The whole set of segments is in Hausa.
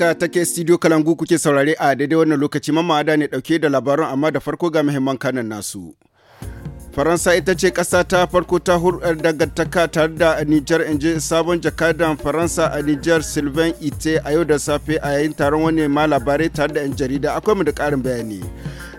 ta take studio kalangu kuke saurare a daidai wannan lokaci mamada ne dauke da labaran amma da farko ga muhimman kanan nasu. faransa ita ce ƙasa ta farko ta hurɗar dangantaka tare da niger inji sabon jakadan faransa a niger sylvain ite a yau da safe a yayin taron wani ma labarai tare da 'yan jarida akwai mu da ƙarin bayani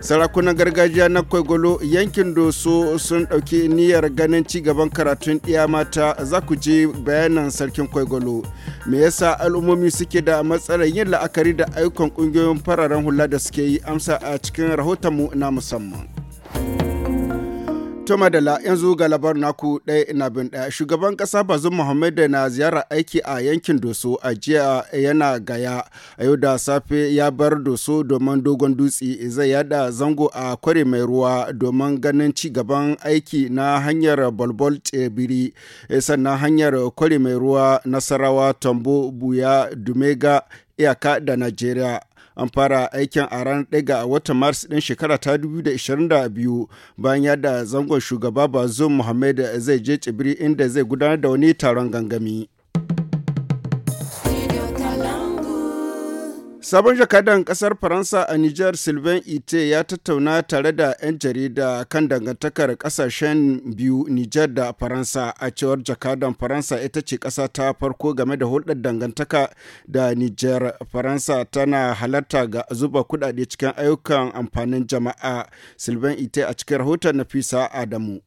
sarakunan gargajiya na kwaigolo yankin doso sun ɗauki niyyar ganin ci gaban karatun ɗiya mata za ku je bayanan sarkin kwaigolo me yasa al'ummomi suke da matsalar yin la'akari da ayyukan ƙungiyoyin fararen hula da suke yi amsa a cikin rahotonmu na musamman Toma da yanzu ga labar naku ɗaya ina bin ɗaya shugaban ƙasa bazin Muhammad na ziyarar aiki a yankin Doso a jiya yana gaya a yau da safe ya bar Doso domin dogon dutse zai yada zango a kware mai ruwa domin ganin ci gaban aiki na hanyar Bolbol tebiri, eh, sannan hanyar kware mai ruwa Nasarawa Tambo Buya Dumega iyaka da Najeriya. an fara aikin a ranar ɗaya ga watan mars ɗin shekara ta 2022 bayan yada zangon shugaba bazoum muhammad zai je tsibiri inda zai gudanar da wani taron gangami. Sabon jakadan kasar Faransa a Nijar Sylvain Ite ya tattauna tare da 'yan jarida kan dangantakar kasashen biyu Nijar da Faransa a cewar jakadan Faransa ita ce ƙasa ta farko game da hulɗar dangantaka da Nijar. Faransa tana halarta ga zuba kuɗaɗe cikin ayyukan amfanin jama'a. Sylvain Ite a cikin rahoton na fisa Adamu.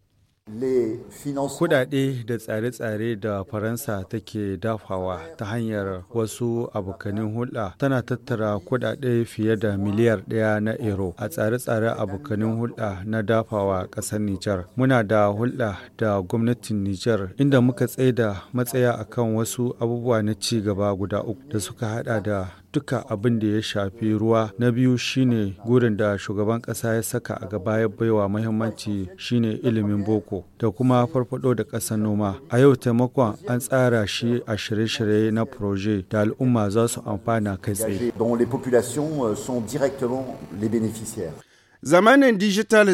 Kudade da tsare-tsare da Faransa take dafawa ta hanyar wasu abokanin hulɗa tana tattara kudade fiye da miliyar ɗaya na ero a tsare-tsare abokanin hulɗa na dafawa ƙasar Nijar. Muna da hulɗa da gwamnatin Nijar inda muka tsaida matsaya akan wasu abubuwa na ci gaba guda uku da suka hada da duka abin da ya shafi ruwa na biyu shine gurin da shugaban kasa ya saka a gaba ya baiwa muhimmanci shine ilimin boko da kuma farfado da ƙasar noma a yau taimakon an tsara shi a shirye-shirye na proje da al'umma za su amfana kai tsaye euh, Zamanin dijital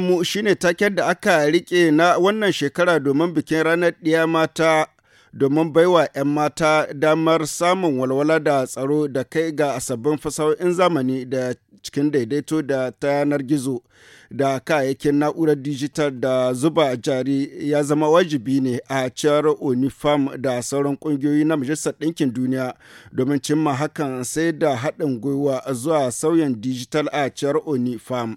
mu shine taken da aka rike na wannan shekara domin bikin ranar ɗiya mata domin baiwa 'yan mata damar samun walwala da tsaro da kai ga sabbin fasahohin zamani da cikin daidaito da ta yanar gizo da kayayyakin na'urar dijital da zuba jari ya zama wajibi ne a ciyar unifam da sauran kungiyoyi na majalisar ɗinkin duniya domin cimma hakan sai da haɗin gwiwa zuwa sauyin dijital a ciyar unifam.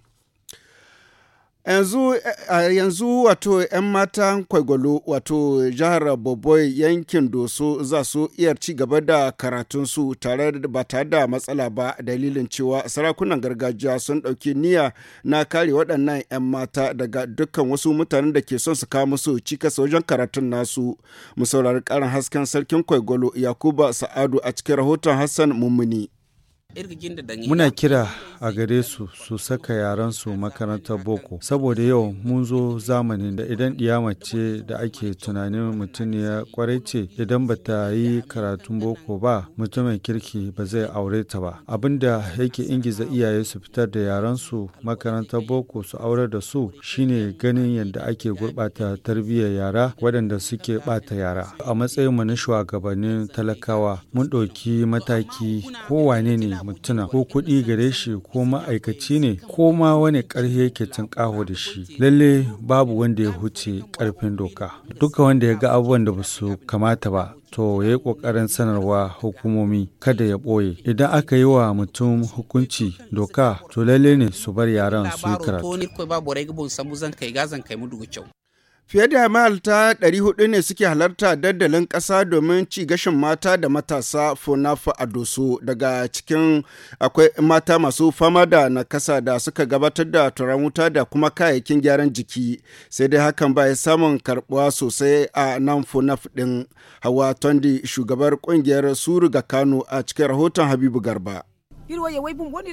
yanzu eh, eh, yanzu wato 'yan matan kwaigwalo wato jihar boboi yankin doso za su iya ci gaba da karatunsu tare da ba tare da matsala ba dalilin cewa sarakunan gargajiya sun ɗauki niyya na kare waɗannan 'yan mata daga dukkan wasu mutanen da ke son su kawo musu cikas wajen karatun nasu mu saurari ƙarin hasken sarkin kwaigwalo yakuba sa'adu a cikin rahoton hassan mummuni Muna kira a gare su su saka yaran su makarantar boko saboda yau mun zo zamanin da idan ɗiyama ce da ake tunanin mutum ya kwarai ce idan ba ta yi karatun boko ba mutumin kirki ba zai aure ta ba abinda yake ingiza iyaye su fitar da yaran su makarantar boko su aure da su shine ganin yadda ake gurɓata tarbiyyar yara waɗanda suke bata yara a matsayin mu na shugabannin talakawa mun ɗauki mataki kowane ne mutuna ko kuɗi gare shi ko ma'aikaci ne ko ma wani ƙarfi yake ƙaho da shi lalle babu wanda ya huce ƙarfin doka duka wanda ya ga abubuwan da basu kamata ba to ya yi ƙoƙarin sanarwa hukumomi kada ya ɓoye idan aka yi wa mutum hukunci doka to lalle ne su bar yaran su yi karatu Fiye da ɗari 400 ne suke halarta daddalin ƙasa domin ci gashin mata da matasa funafa a Doso daga cikin akwai mata masu fama da nakasa da suka gabatar da turan wuta da kuma kayayyakin gyaran jiki sai dai hakan ba ya samun karbuwa sosai a nan funaf ɗin Hawa Tondi shugabar ƙungiyar Suru ga Kano a cikin rahoton Habibu Garba.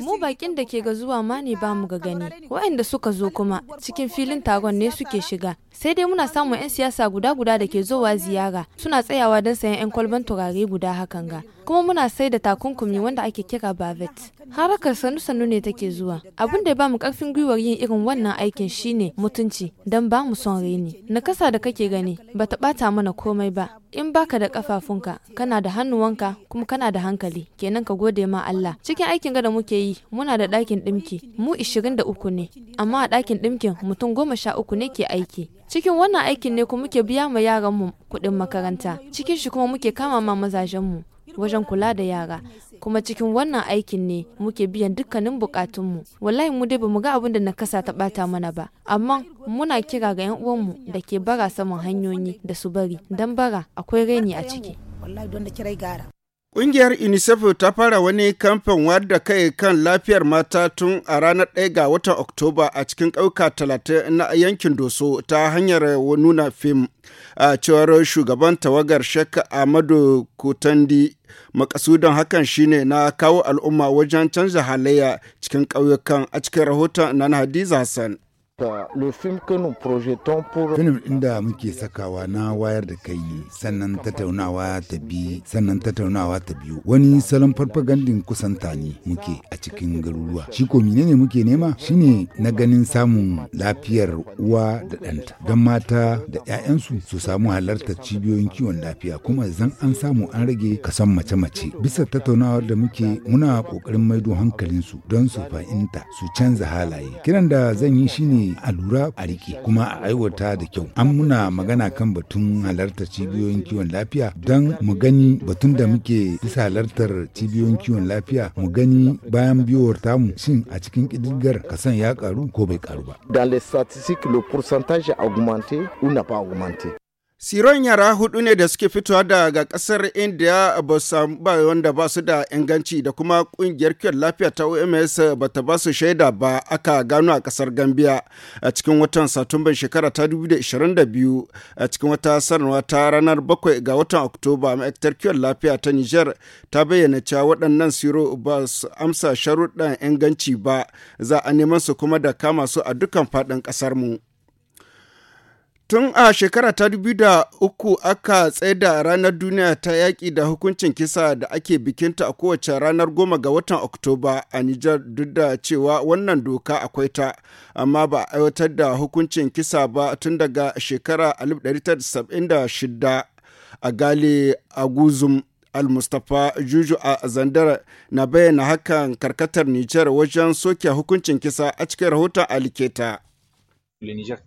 Mu bakin da ke ga zuwa ma ne ba mu ga gani, waɗanda suka zo kuma cikin filin taron ne suke shiga. Sai dai muna samun 'yan siyasa guda-guda da ke zowa ziyara suna tsayawa don sayan 'yan kwalban turare guda hakan ga. Kuma muna sai da takunkumi wanda ake kira bavet. Harakar sanu sanu ne take zuwa. Abin da ba mu karfin gwiwar yin irin wannan aikin shine mutunci don ba mu son reni. Nakasa da kake gani ba ta bata mana komai ba. In baka da kafafunka, kana da hannuwanka kuma kana da hankali, kenan ka gode ma Allah. Cikin aikin gada muke yi, muna da ɗakin ɗimki, mu 23 ne, amma a ɗakin ɗimkin mutum goma sha uku ne ke aiki. Cikin wannan aikin ne kuma muke biya ma mu kuɗin makaranta, cikin shi kuma muke kama ma mazajenmu. wajen kula da yara kuma cikin wannan aikin ne muke biyan dukkanin bukatunmu wallahi mu dai ba mu ga abin da nakasa ta bata mana ba amma muna kira ga 'yan uwanmu da ke bara saman hanyoyi da su bari don bara akwai raini a ciki Ƙungiyar UNICEF ta fara wani kamfen wadda kai kan lafiyar mata tun a ranar 1 ga watan Oktoba a cikin ƙauka 30 na yankin Doso ta hanyar nuna fim a cewar shugaban tawagar Shek amadu Kutandi. Makasudan hakan shine na kawo al'umma wajen canza halayya cikin ƙauyukan a cikin rahoton na Hadiza Hassan. Euh, film inda muke sakawa na wayar da kai sannan tattaunawa ta bi sannan tattaunawa ta biyu wani salon farfagandin kusanta ne muke a cikin garuruwa. Shi ko menene muke nema? Shine na ganin samun lafiyar uwa da ɗanta don mata da 'ya'yansu su samu halartar cibiyoyin kiwon lafiya kuma zan an samu an rage kasan mace-mace. Bisa tattaunawar da muke muna ƙoƙarin maido hankalinsu don su fahimta su canza halaye. Kiran da zan yi shine a lura a rike kuma a aiwata da kyau an muna magana kan batun halartar cibiyoyin kiwon lafiya don mu gani batun da muke bisa halartar cibiyoyin kiwon lafiya mu gani bayan biyowar tamu shin a cikin ƙididdigar kasan ya karu ko bai karu ba. Dans les statistiques, le pourcentage a augmenté ou n'a Siron yara hudu ne da suke fitowa daga kasar India ba samu ba wanda ba su da inganci da kuma kungiyar kiwon lafiya ta OMS ba ta ba su shaida ba aka gano a kasar Gambia a cikin watan Satumban shekara ta 2022 a cikin wata sanarwa ta ranar 7 ga watan Oktoba ma'aikatar kiwon lafiya ta Niger ta bayyana cewa waɗannan siro ba su amsa sharuɗan inganci ba za a neman su kuma da kama su a dukkan faɗin ƙasar mu. Tun a shekara ta da uku aka tsaida ranar duniya ta yaƙi da hukuncin kisa da ake bikinta a kowace ranar goma ga watan Oktoba a Nijar duk da cewa wannan doka akwai ta, amma ba a aiwatar da hukuncin kisa ba tun daga shekara 1976 a Gale Aguzum. Al-Mustapha Juju a Zandar na bayyana hakan karkatar Nijar wajen soke hukuncin kisa a cikin rahoton Aliketa. Nijar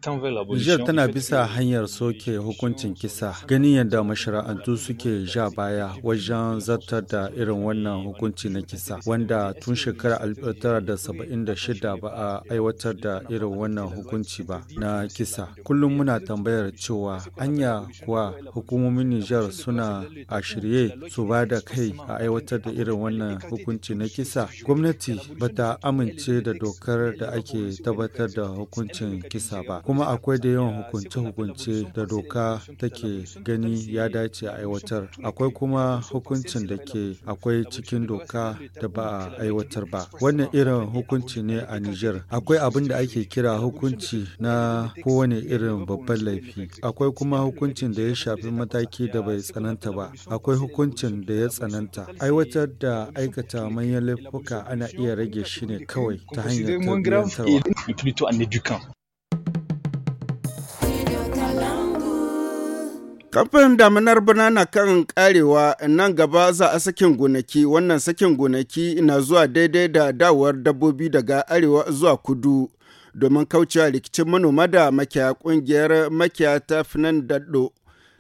tana bisa hanyar soke hukuncin kisa ganin yadda mashara'antu suke ja baya wajen zartar da irin wannan hukunci na kisa wanda tun shekarar 1976 ba a aiwatar da irin wannan hukunci ba na kisa. Kullum muna tambayar cewa anya kuwa hukumomin Nijar suna a shirye su ba da kai a aiwatar da irin wannan hukunci na kisa. Gwamnati bata amince da dokar da ake tabbatar da hukuncin kisa. kisa ba kuma akwai da yawan hukunce-hukunce da doka take gani ya dace a aiwatar akwai kuma hukuncin da ke akwai cikin doka da ba a aiwatar ba wannan irin hukunci ne a niger akwai abin da ake kira hukunci na kowane irin babban laifi akwai kuma hukuncin da ya shafi mataki da bai tsananta ba akwai hukuncin da ya tsananta aiwatar da aikata manyan laifuka ana iya rage shi ne kawai ta hanyar tarbiyyantarwa Kamfan daminar bana na kan karewa nan gaba za a sakin gonaki wannan sakin gonaki na zuwa daidai da dawar dabbobi daga arewa zuwa kudu domin kaucewa rikicin manoma da makiya kungiyar makiya ta finan daɗo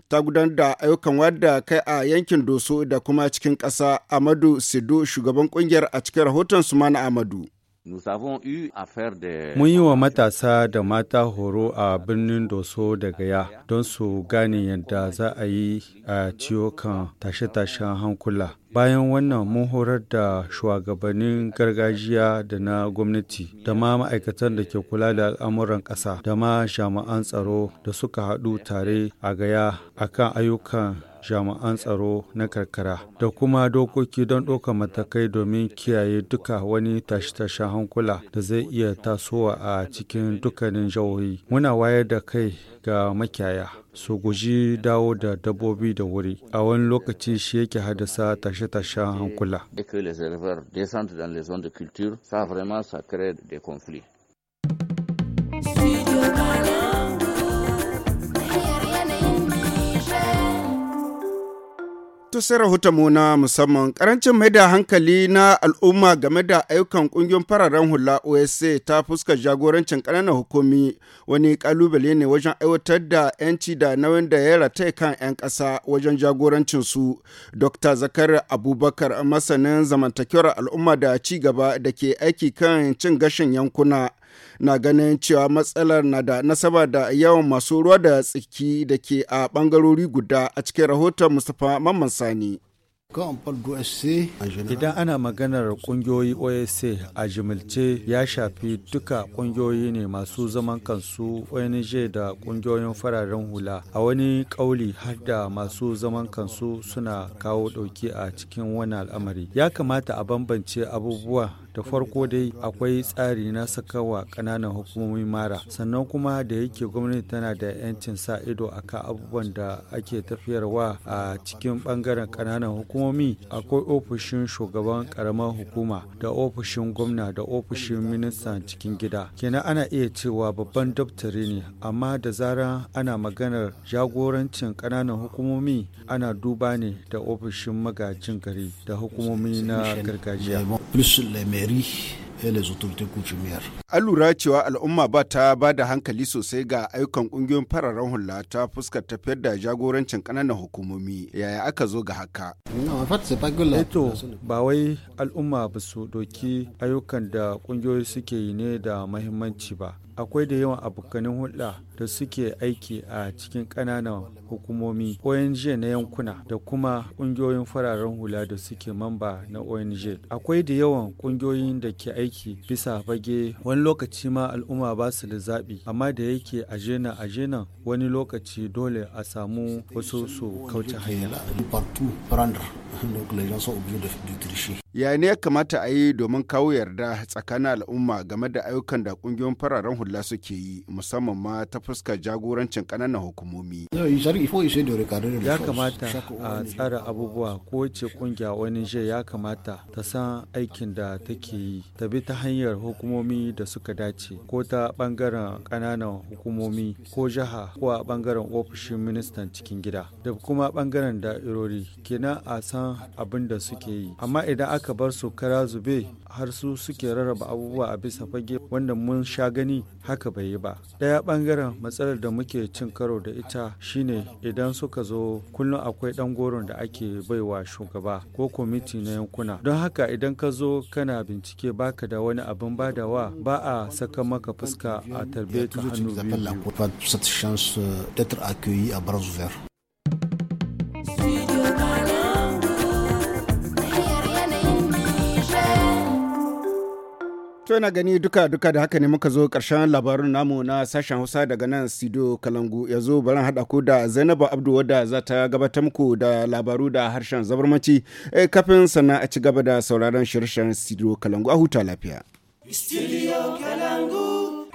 ta gudanar da ayyukan wadda kai a yankin doso da kuma cikin ƙasa amadu sido shugaban kungiyar a cikin rahoton su mana amadu. Mun yi wa matasa da mata horo a birnin Doso da Gaya don su gane yadda za a yi a ciwo kan tashe-tashen hankula. Bayan wannan mun horar da shugabannin gargajiya da na gwamnati da ma ma'aikatan da ke kula da al'amuran ƙasa da ma jami'an tsaro da suka haɗu tare a gaya akan ayyukan jami'an tsaro na karkara da kuma dokoki don ɗaukar matakai domin kiyaye duka wani tashe-tashen hankula da zai iya tasowa a cikin dukkanin jihohi muna wayar da kai ga makiyaya su guji dawo da dabbobi da wuri a wani lokaci shi yake haddasa tashe-tashen hankula Ça, vraiment, To sai rahoton mu na musamman karancin mai da hankali na al'umma game da ayyukan kungiyoyin fararen hula OSA ta fuska jagorancin ƙananan hukumi wani kalubale ne wajen aiwatar da 'yanci da nauyin da ya rata kan 'yan ƙasa wajen jagorancin su. Dr. Zakar Abubakar masanin zamantakewar al'umma da ci gaba da ke aiki kan cin gashin yankuna na ganin cewa matsalar na da nasaba da yawan masu ruwa da tsiki da ke a bangarori guda a cikin rahoton Mustapha Mamman Sani. Idan ana maganar kungiyoyi osa a jimilce ya shafi duka kungiyoyi ne masu zaman kansu ONG da kungiyoyin fararen hula. A wani kauli har da masu zaman kansu suna kawo ɗauki a cikin wani al'amari. Ya kamata a bambance abubuwa da farko dai akwai tsari na sakawa ƙananan hukumomi mara sannan kuma da yake gwamnati tana da 'yancin sa ido a akan abubuwan da ake tafiyarwa a cikin bangaren kananan hukumomi akwai ofishin shugaban karamar hukuma da ofishin gwamna da ofishin ministan cikin gida kenan ana iya cewa babban daftari ne amma da zara ana maganar jagorancin kananan hukumomi ana duba ne da ofishin magajin gari da hukumomi na gargajiya mairie eh, An lura cewa al'umma ba ta ba da hankali sosai ga ayyukan ƙungiyoyin fararen hula ta fuskar tafiyar da jagorancin ƙananan hukumomi yaya aka zo ga haka. Eto eh ba wai al'umma ba su doki ayyukan da ƙungiyoyi suke yi ne da mahimmanci ba. akwai da yawan abokanin hulɗa da suke aiki a cikin ƙananan hukumomi ong na yankuna da kuma ƙungiyoyin fararen hula da suke mamba na ong akwai da yawan ƙungiyoyin da ke aiki bisa bage wani lokaci ma al'umma ba su da zaɓi amma da yake ajena ajena wani lokaci dole a samu wasu su kauce hanya ya kamata a yi domin kawo yarda tsakanin al'umma game da ayyukan da ƙungiyoyin fararen hula suke yi musamman ma ta fuskar jagorancin kananan hukumomi. Ya kamata a tsara abubuwa ko ce kungiya wani je ya kamata ta san aikin da take yi ta bi ta hanyar hukumomi da suka dace ko ta bangaren ƙananan hukumomi ko jiha ko a bangaren ofishin ministan cikin gida da kuma bangaren da'irori kina a san abin da suke yi amma idan aka bar su kara zube har su suke rarraba abubuwa a bisa fage wanda mun sha gani haka bai yi ba ɗaya ɓangaren matsalar da muke cin karo da ita shine idan suka zo kullum akwai ɗan goron da ake baiwa shugaba ko kwamiti na yankuna don haka idan ka zo kana bincike baka da wani abin badawa ba a saka maka fuska a tarbiyyar hannu biyu To yana gani duka-duka da haka ne muka zo karshen labarin namu na sashen Hausa daga nan Sido Kalangu ya zo baran haɗa ku da Zainabu Abdu wadda za ta gabatar muku da labaru da harshen zabarmaci eh, kafin sannan a ci gaba da sauraron shirye Sido Kalangu a huta lafiya.